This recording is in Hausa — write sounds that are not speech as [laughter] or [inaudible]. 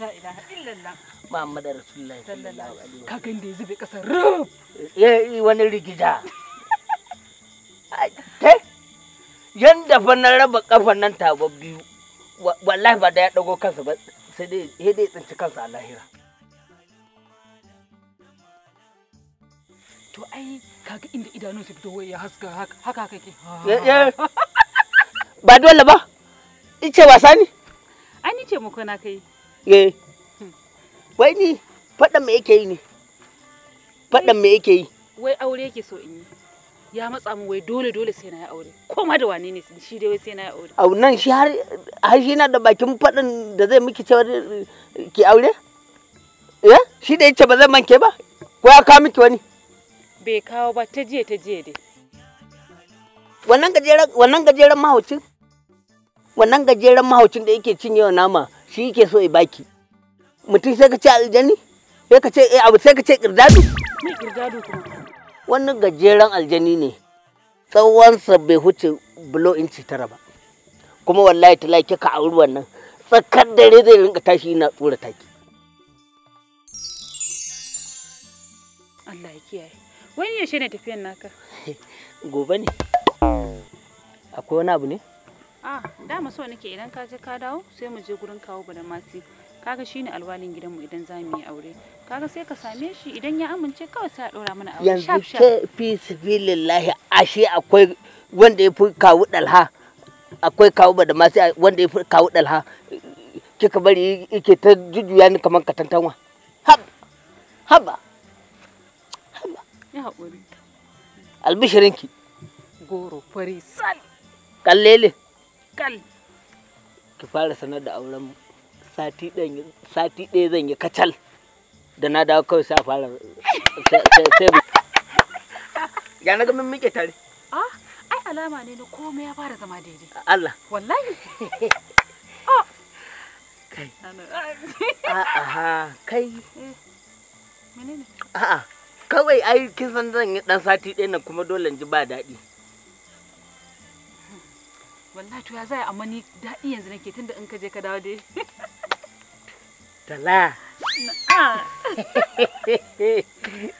la ilaha illallah Muhammad Rasulullahi sallallahu alaihi wasallam kakan da rub eh wani rigida yanda fa na raba kafan nan tabar biyu wallahi ba da ya dago kansa ba sai dai sai dai tsinci kansa a lahira to ai kaga inda idanun su fito ya haska haka kake ah. ba dole ba ice wasa ne an muku na kai eh wai ni faɗan me yake yi ne faɗan me yake yi wai aure yake so in yi ya matsa mu wai dole dole sai na ya aure koma da wane ne shi dai wai sai na ya aure au nan shi har har shi na da bakin faɗin da zai miki cewa ki aure ya eh? shi da yace ba zai manke ba ko ya kawo miki wani bai kawo ba ta jiya ta jiya dai wannan gajeren wannan gajeren mahaucin wannan gajeren mahaucin da yake cinye wa nama shi yake so ya baki mutum sai ka ce aljani sai ka ce eh abu sai ka ce kirdadu me kirdadu wannan gajeren aljani ne tsawonsa bai huce bulo inci tara ba kuma wallahi ta lake ka auri wannan tsakar dare zai rinka tashi ina tsura taki Allah ya kiyaye wani yaushe ne tafiyan naka [laughs] gobe ne akwai wani abu ne a ah, dama so nake idan ka je ka dawo sai mu je gurin kawo badamasi kaga shine alwalin gidanmu idan za mu yi aure kaga sai ka same shi idan ya amince kawai sai a ɗora mana aure yanzu ke fi sabilillahi ashe akwai wanda ya fi kawo dalha akwai kawo badamasi wanda ya fi kawo dalha kika bari yake ta jujjuya ni kamar katantanwa hab haba haba ya haƙuri albishirinki goro fari sal kallele ki fara sanar da auren sati ɗaya zan yi kacal da na dawo kawai sai a fara sai [laughs] ya na gamin muke tare ah ai alama ne na komai ya fara zama daidai Allah wallahi [laughs] oh. kai a'a kai [laughs] eh. menene a'a kawai ai kin san zan yi dan sati ɗaya kuma dole in ji ba daɗi wallahi to ya zai amma ni daɗi yanzu nake tunda in ka je ka dawo dai tala [laughs]